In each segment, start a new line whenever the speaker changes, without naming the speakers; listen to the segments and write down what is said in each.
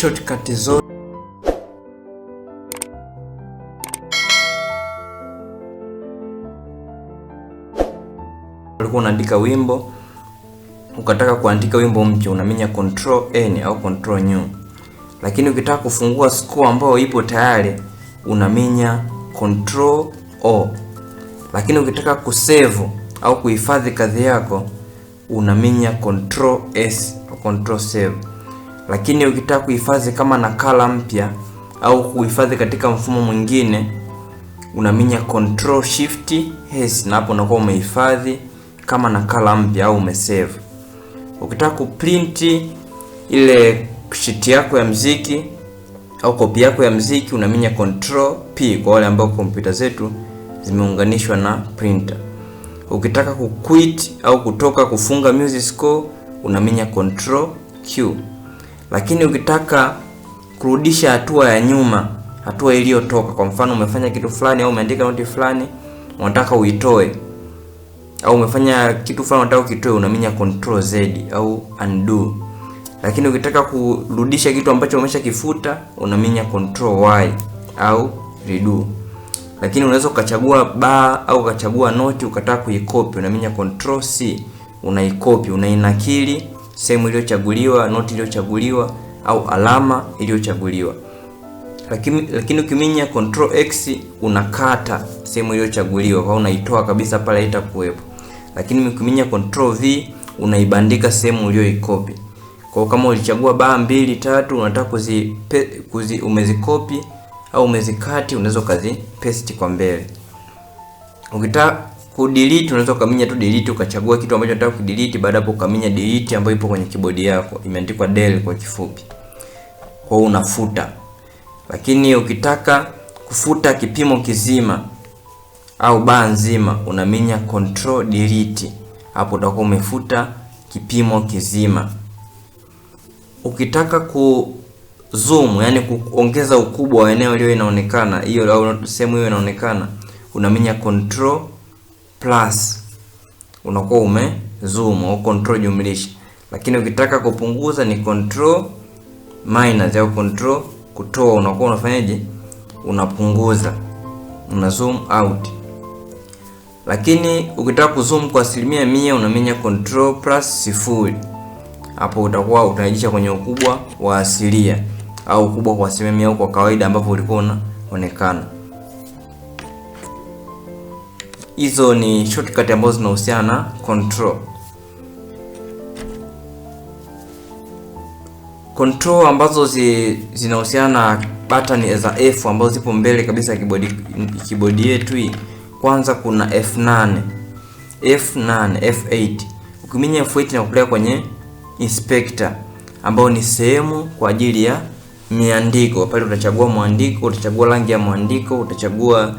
shortcut zote ulikuwa unaandika wimbo ukataka kuandika wimbo mpya unaminya control n au control new, lakini ukitaka kufungua score ambayo ipo tayari unaminya control o. Lakini ukitaka kusave au kuhifadhi kazi yako unaminya control s au control save lakini ukitaka kuhifadhi kama nakala mpya au kuhifadhi katika mfumo mwingine unaminya control shift s na hapo unakuwa umehifadhi kama nakala mpya au umesave. Ukitaka kuprint ile sheet yako ya mziki au kopi yako ya mziki unaminya control p kwa wale ambao kompyuta zetu zimeunganishwa na printer. Ukitaka kuquit au kutoka kufunga music score unaminya control q. Lakini ukitaka kurudisha hatua ya nyuma, hatua iliyotoka, kwa mfano umefanya kitu fulani au umeandika noti fulani unataka uitoe, au umefanya kitu fulani unataka ukitoe, unaminya control z au undo. Lakini ukitaka kurudisha kitu ambacho umeshakifuta unaminya control y au redo. Lakini unaweza ukachagua bar au ukachagua noti ukataka kuikopi, unaminya control c, unaikopi, unainakili sehemu iliyochaguliwa, noti iliyochaguliwa au alama iliyochaguliwa. Lakini lakini ukiminya control x unakata sehemu iliyochaguliwa, kwa unaitoa kabisa pale, haitakuwepo. Lakini ukiminya control v unaibandika sehemu uliyoikopi. Kwa kama ulichagua baa mbili tatu, unataka kuzi, kuzi umezikopi au umezikati, unaweza kazi paste kwa mbele ukitaka kudelete unaweza ukaminya tu delete, ukachagua kitu ambacho unataka kudelete. Baada hapo kaminya delete ambayo ipo kwenye kibodi yako, imeandikwa del kwa kifupi, kwa unafuta. Lakini ukitaka kufuta kipimo kizima au baa nzima, unaminya control delete, hapo utakuwa umefuta kipimo kizima. Ukitaka ku zoom, yani kuongeza ukubwa wa eneo lile inaonekana hiyo, au sehemu hiyo inaonekana, unaminya control plus unakuwa ume zoom au control jumlisha, lakini ukitaka kupunguza ni control minus au control kutoa, unakuwa unafanyaje? Unapunguza, una zoom out. Lakini ukitaka kuzoom kwa asilimia mia unaminya control plus sifuri, hapo utakuwa utarejesha kwenye ukubwa wa asilia au ukubwa kwa asilimia mia kwa kawaida ambapo ulikuwa unaonekana. Hizo ni shortcut ambazo zinahusiana na control. Control ambazo zi, zinahusiana na button za F ambazo zipo mbele kabisa kibodi kibodi yetu hii. Kwanza kuna F8, F8, F8. Ukiminya F8 na kupeleka kwenye inspector ambao ni sehemu kwa ajili ya miandiko. Pale utachagua mwandiko, utachagua rangi ya mwandiko, utachagua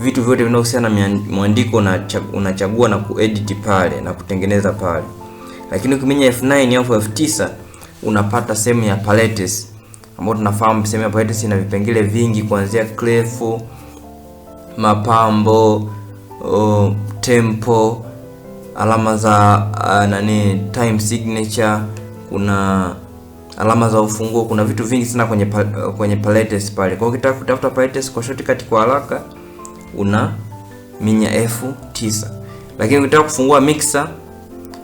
vitu vyote vinavyohusiana na mwandiko unachagua na kuedit pale na kutengeneza pale. Lakini ukimenya F9 au F9 unapata sehemu ya palettes ambayo tunafahamu sehemu ya palettes ina vipengele vingi kuanzia clef, mapambo, uh, tempo, alama za uh, nani time signature, kuna alama za ufunguo, kuna vitu vingi sana kwenye pal, kwenye palettes pale. Kwa hiyo ukitaka kutafuta palettes kwa shortcut kwa haraka una minya F9. lakini ukitaka kufungua mixer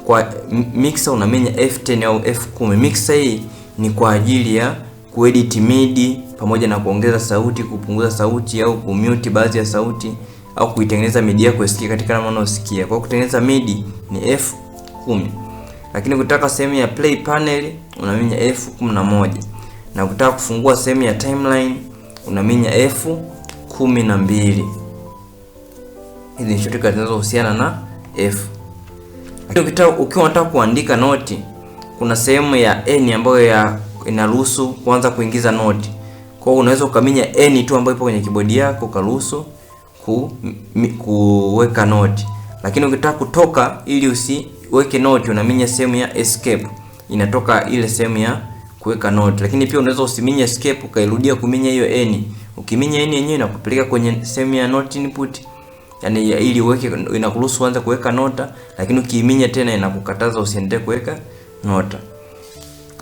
kwa mixer una minya F10 au F10. Mixer hii ni kwa ajili ya kuedit midi pamoja na kuongeza sauti, kupunguza sauti au kumute baadhi ya sauti au kuitengeneza midi yako isikie katika namna unayosikia. Kwa kutengeneza midi ni F10. Lakini ukitaka sehemu ya play panel una minya F11. Na ukitaka kufungua sehemu ya timeline una minya F12. Hizi ni shortcut zinazohusiana na F. Lakini ukiwa unataka kuandika noti, kuna sehemu ya n ambayo ya inaruhusu kuanza kuingiza noti. Kwa hiyo unaweza ukaminya n tu ambayo ipo kwenye kibodi yako ukaruhusu ku, kuweka noti. Lakini ukitaka kutoka ili usiweke noti, unaminya sehemu ya escape, inatoka ile sehemu ya kuweka noti. Lakini pia unaweza usiminye escape ukairudia kuminya hiyo n. Ukiminya n yenyewe inakupeleka kwenye sehemu ya note input yani, ili uweke inakuruhusu uanze kuweka nota, lakini ukiiminya tena inakukataza usiendelee kuweka nota.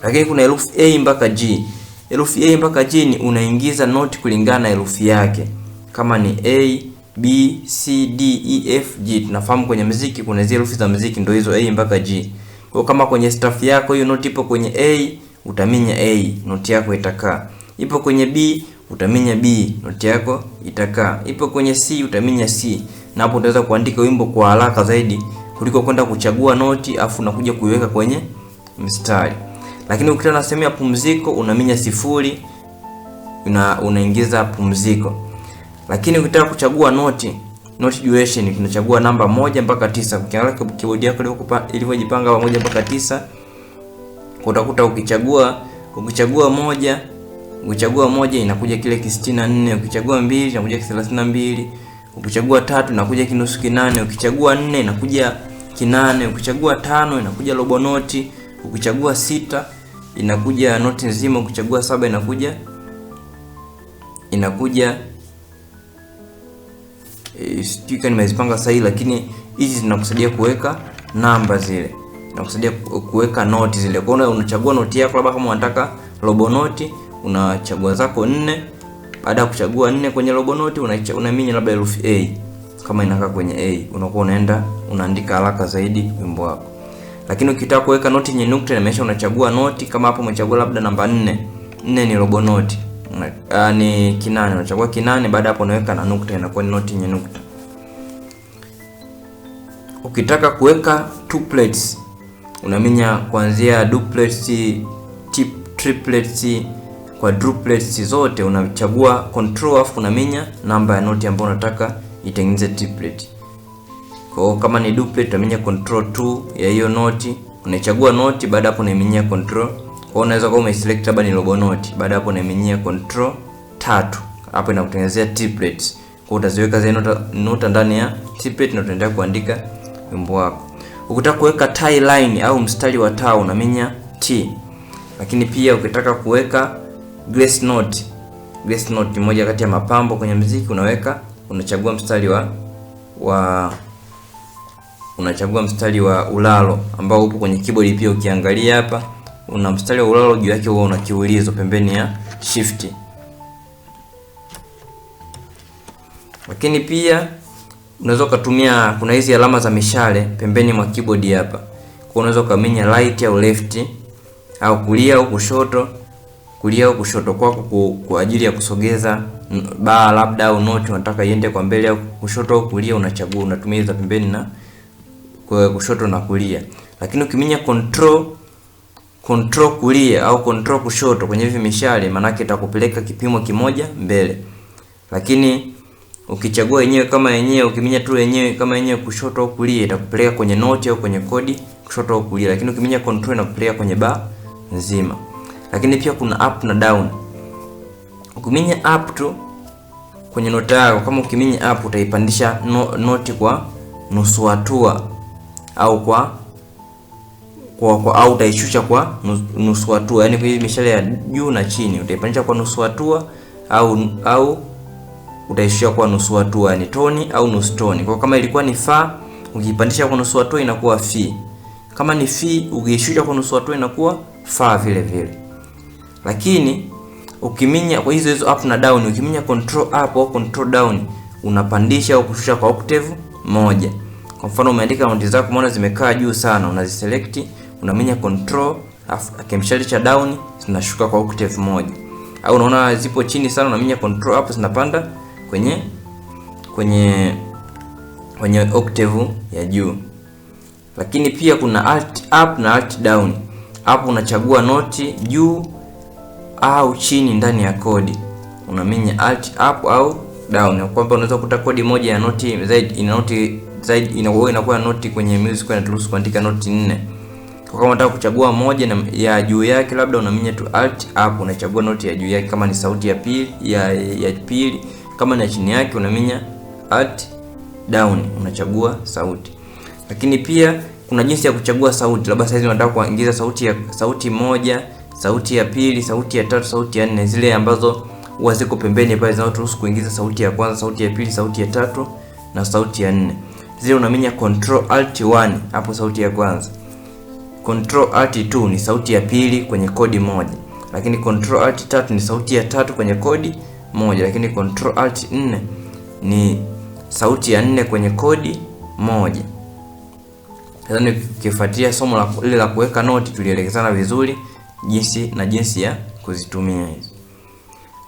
Lakini kuna herufi A mpaka G. Herufi A mpaka G ni unaingiza noti kulingana na herufi yake, kama ni A B C D E F G. Tunafahamu kwenye muziki kuna zile herufi za muziki ndio hizo A mpaka G. Kwa kama kwenye staff yako hiyo noti ipo kwenye A, utaminya A, noti yako itakaa. Ipo kwenye B, utaminya B, noti yako itakaa. Ipo kwenye C, utaminya C, na hapo utaweza kuandika wimbo kwa haraka zaidi kuliko kwenda kuchagua noti afu na kuja kuiweka kwenye mstari. Lakini ukitaka na sehemu ya pumziko, unaminya sifuri, una unaingiza pumziko. Lakini ukitaka kuchagua noti Note duration tunachagua namba moja mpaka tisa. Ukiangalia keyboard yako ilivyojipanga moja mpaka tisa, utakuta ukichagua ukichagua moja ukichagua moja inakuja kile kisitini na nne ukichagua mbili inakuja kithelathini na mbili ukichagua tatu inakuja kinusu kinane ukichagua nne inakuja kinane ukichagua tano inakuja robo noti ukichagua sita inakuja noti nzima ukichagua saba inakuja inakuja e, sijui kama nimezipanga sahihi, lakini hizi zinakusaidia kuweka namba zile, zinakusaidia kuweka noti zile. Kwa unachagua noti yako, labda kama unataka robo noti una unachagua zako nne. Baada ya kuchagua nne kwenye logo note unaminya labda herufi A kama inakaa kwenye A, unakuwa unaenda unaandika haraka zaidi wimbo wako. Lakini ukitaka kuweka noti yenye nukta na inamaanisha unachagua noti kama hapo umechagua labda namba nne, nne ni robo noti. Una, ni kinane, unachagua kinane, baada hapo unaweka na nukta inakuwa ni noti yenye nukta. Ukitaka kuweka tuplets unaminya kuanzia duplets, tip, triplets kwa droplets zote unachagua control afu unaminya namba ya noti ambayo unataka itengeneze triplet. Kwa kama ni duplet unaminya control 2 ya hiyo noti, unachagua noti, baada hapo unaiminyia control. Kwa hiyo unaweza kuwa umeselect labda ni robo noti, baada hapo unaiminyia control 3. hapo inakutengenezea triplets. Kwa utaziweka zile nota, nota ndani ya triplet na utaendelea kuandika wimbo wako. Ukitaka kuweka tie line au mstari wa taa unaminya T. Lakini pia ukitaka kuweka grace note. Grace note ni moja kati ya mapambo kwenye mziki, unaweka unachagua mstari wa, wa unachagua mstari wa ulalo ambao upo kwenye keyboard. Pia ukiangalia hapa una mstari wa ulalo juu yake huwa una kiulizo pembeni ya shift. Lakini pia unaweza ukatumia, kuna hizi alama za mishale pembeni mwa keyboard hapa, kwa unaweza ukamenya right au left au kulia au kushoto kulia au kushoto kwako ku, kwa ajili ya kusogeza baa labda au noti unataka iende kwa mbele au kushoto au kulia, unachagua unatumia za pembeni na kwa kushoto na kulia. Lakini ukiminya control control kulia au control kushoto kwenye hivi mishale, maanake itakupeleka kipimo kimoja mbele. Lakini ukichagua yenyewe kama yenyewe, ukiminya tu yenyewe kama yenyewe kushoto au kulia, itakupeleka kwenye noti au kwenye kodi kushoto au kulia. Lakini ukiminya control inakupeleka kwenye baa nzima lakini pia kuna up na down. Ukiminya up tu kwenye nota yako, kama ukiminya up utaipandisha no, noti kwa nusu hatua au kwa kwa, kwa au utaishusha kwa nusu hatua, yani kwa mishale ya juu na chini utaipandisha kwa nusu hatua au au utaishusha kwa nusu hatua, yani toni au nusu toni. Kwa kama ilikuwa ni fa, ukiipandisha kwa nusu hatua inakuwa fi. Kama ni fi, ukiishusha kwa nusu hatua inakuwa fa vile vile. Lakini ukiminya kwa hizo hizo up na down, ukiminya control up au control down unapandisha au kushusha kwa octave moja. Kwa mfano umeandika note zako umeona zimekaa juu sana, unaziselect, unaminya control afu akimshali cha down zinashuka kwa octave moja. Au unaona zipo chini sana, unaminya control up zinapanda kwenye kwenye kwenye octave ya juu. Lakini pia kuna alt up na alt down. Hapo unachagua noti juu au chini ndani ya kodi, unaminya alt up au down, kwa kwamba unaweza kukuta kodi moja ya noti zaidi ina noti zaidi inakuwa inakuwa noti kwenye music na turuhusu kuandika noti nne. Kwa kama unataka kuchagua moja na ya juu yake, labda unaminya tu alt up, unachagua noti ya juu yake, kama ni sauti ya pili ya ya pili. Kama ni ya chini yake, unaminya alt down, unachagua sauti. Lakini pia kuna jinsi ya kuchagua sauti, labda saizi unataka kuingiza sauti ya sauti moja sauti ya pili, sauti ya tatu, sauti ya nne, zile ambazo huwa ziko pembeni pale zinazoturuhusu kuingiza sauti ya kwanza, sauti ya pili, sauti ya tatu na sauti ya nne. Zile unamenya control alt 1 hapo sauti ya kwanza. Control alt 2 ni sauti ya pili kwenye kodi moja. Lakini control alt 3 ni sauti ya tatu kwenye kodi moja, lakini control alt 4 ni sauti ya nne kwenye kodi moja. Sasa nikifuatia somo la ile la kuweka noti tulielekezana vizuri jinsi na jinsi ya kuzitumia hizo.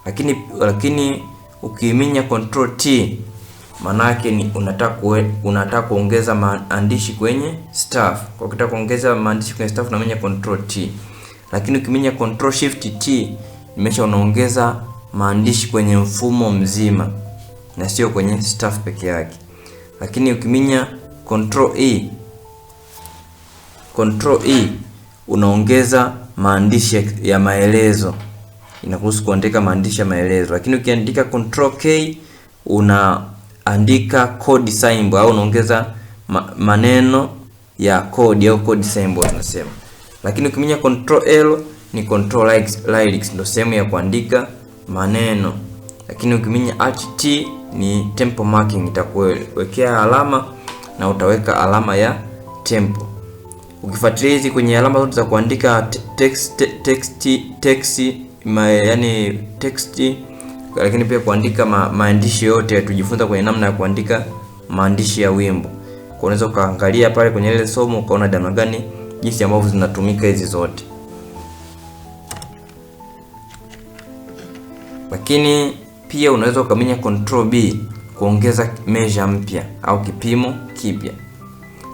Lakini lakini ukiminya control T manake ni unataka unataka kuongeza maandishi kwenye staff. Kwa ukitaka kuongeza maandishi kwenye staff unaminya control T. Lakini ukiminya control shift T imesha unaongeza maandishi kwenye mfumo mzima na sio kwenye staff peke yake. Lakini ukiminya control E, control E unaongeza maandishi ya maelezo, inakuhusu kuandika maandishi ya maelezo. Lakini ukiandika control K unaandika code symbol au unaongeza maneno ya code au code symbol tunasema. Lakini ukiminya control L ni control lyrics, lyrics ndio sehemu ya kuandika maneno. Lakini ukiminya alt T ni tempo marking, itakuwekea alama na utaweka alama ya tempo ukifuatilia hizi kwenye alama zote za kuandika text text text ma, yani text, lakini pia kuandika ma, maandishi yote. Tujifunza kwenye namna ya kuandika maandishi ya wimbo, kwa unaweza ukaangalia pale kwenye ile somo ukaona namna gani jinsi ambavyo zinatumika hizi zote. Lakini pia unaweza ukamenya control B kuongeza measure mpya au kipimo kipya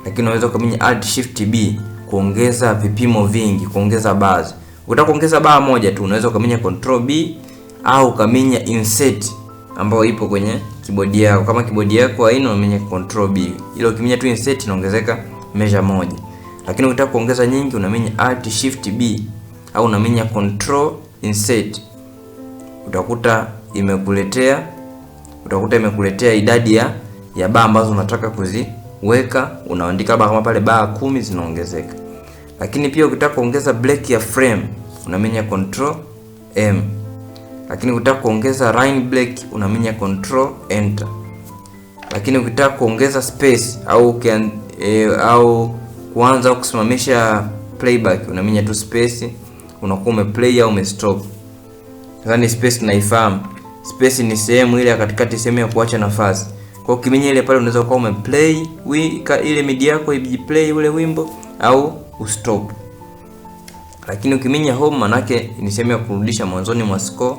lakini unaweza ukamenya alt shift b kuongeza vipimo vingi, kuongeza bars. Ukitaka kuongeza bar moja tu unaweza ukamenya control b au ukamenya insert ambayo ipo kwenye kibodi yako. Kama kibodi yako haina, unamenya control b, ila ukimenya tu insert inaongezeka measure moja. Lakini ukitaka kuongeza nyingi unamenya alt shift b au unamenya control insert, utakuta imekuletea utakuta imekuletea idadi ya ya baa ambazo unataka kuzi weka, unaandika kama pale baa kumi zinaongezeka. Lakini pia ukitaka kuongeza break ya frame unamenya control M. Lakini ukitaka kuongeza line break unamenya control enter. Lakini ukitaka kuongeza space au can, e, au kuanza kusimamisha playback unamenya tu space, unakuwa umeplay au umestop. Yaani space tunaifahamu Space ni sehemu ile ya katikati, sehemu ya kuacha nafasi. Kwa ukimenya ile pale unaweza kuwa umeplay ile midi yako ijiplay ule wimbo au ustop. Lakini ukimenya home manake ni sehemu ya kurudisha mwanzoni mwa score.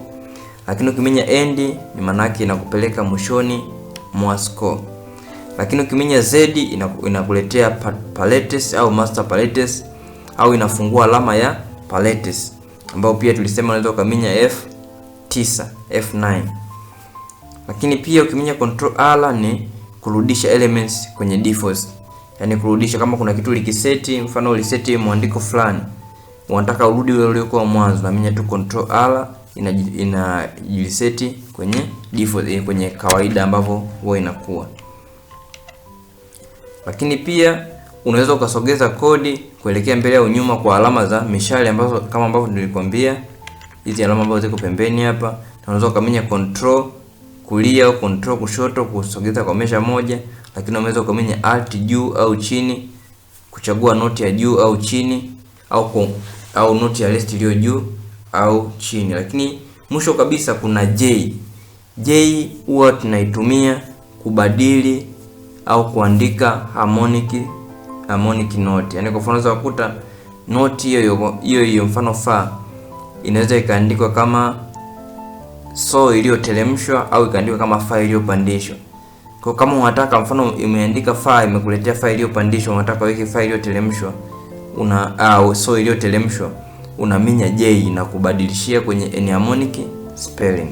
Lakini ukimenya end ni manake inakupeleka mwishoni mwa score. Lakini ukimenya Z inakuletea palettes au master palettes au inafungua alama ya palettes ambayo pia tulisema unaweza ukaminya F9, F9. Lakini pia ukiminya control R ni kurudisha elements kwenye defaults. yani kurudisha kama kuna kitu likiseti, mfano uliseti mwandiko fulani, unataka urudi ule uliokuwa mwanzo, na minya tu control R ina ina reset kwenye default eh, kwenye kawaida ambavyo huwa inakuwa. Lakini pia unaweza ukasogeza kodi kuelekea mbele au nyuma kwa alama za mishale ambazo kama ambavyo nilikwambia, hizi alama ambazo ziko pembeni hapa, na unaweza ukamenya control kulia au control kushoto kusogeza kwa mesha moja, lakini unaweza ukamenya alt juu au chini, kuchagua noti ya juu au chini au kum, au noti ya list iliyo juu au chini. Lakini mwisho kabisa kuna J. J huwa tunaitumia kubadili au kuandika harmonic harmonic note. Yaani kwa mfano unaweza kukuta noti hiyo hiyo hiyo mfano fa inaweza ikaandikwa kama so iliyoteremshwa au ikaandikwa kama fa iliyopandishwa. Kwa kama unataka mfano imeandika fa imekuletea fa iliyopandishwa, unataka weke fa iliyoteremshwa una au so iliyoteremshwa, unaminya j na kubadilishia kwenye enharmonic spelling.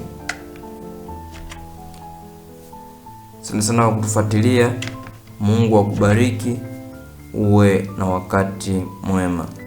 Sana sana kwa kutufuatilia. Mungu akubariki, uwe na wakati mwema.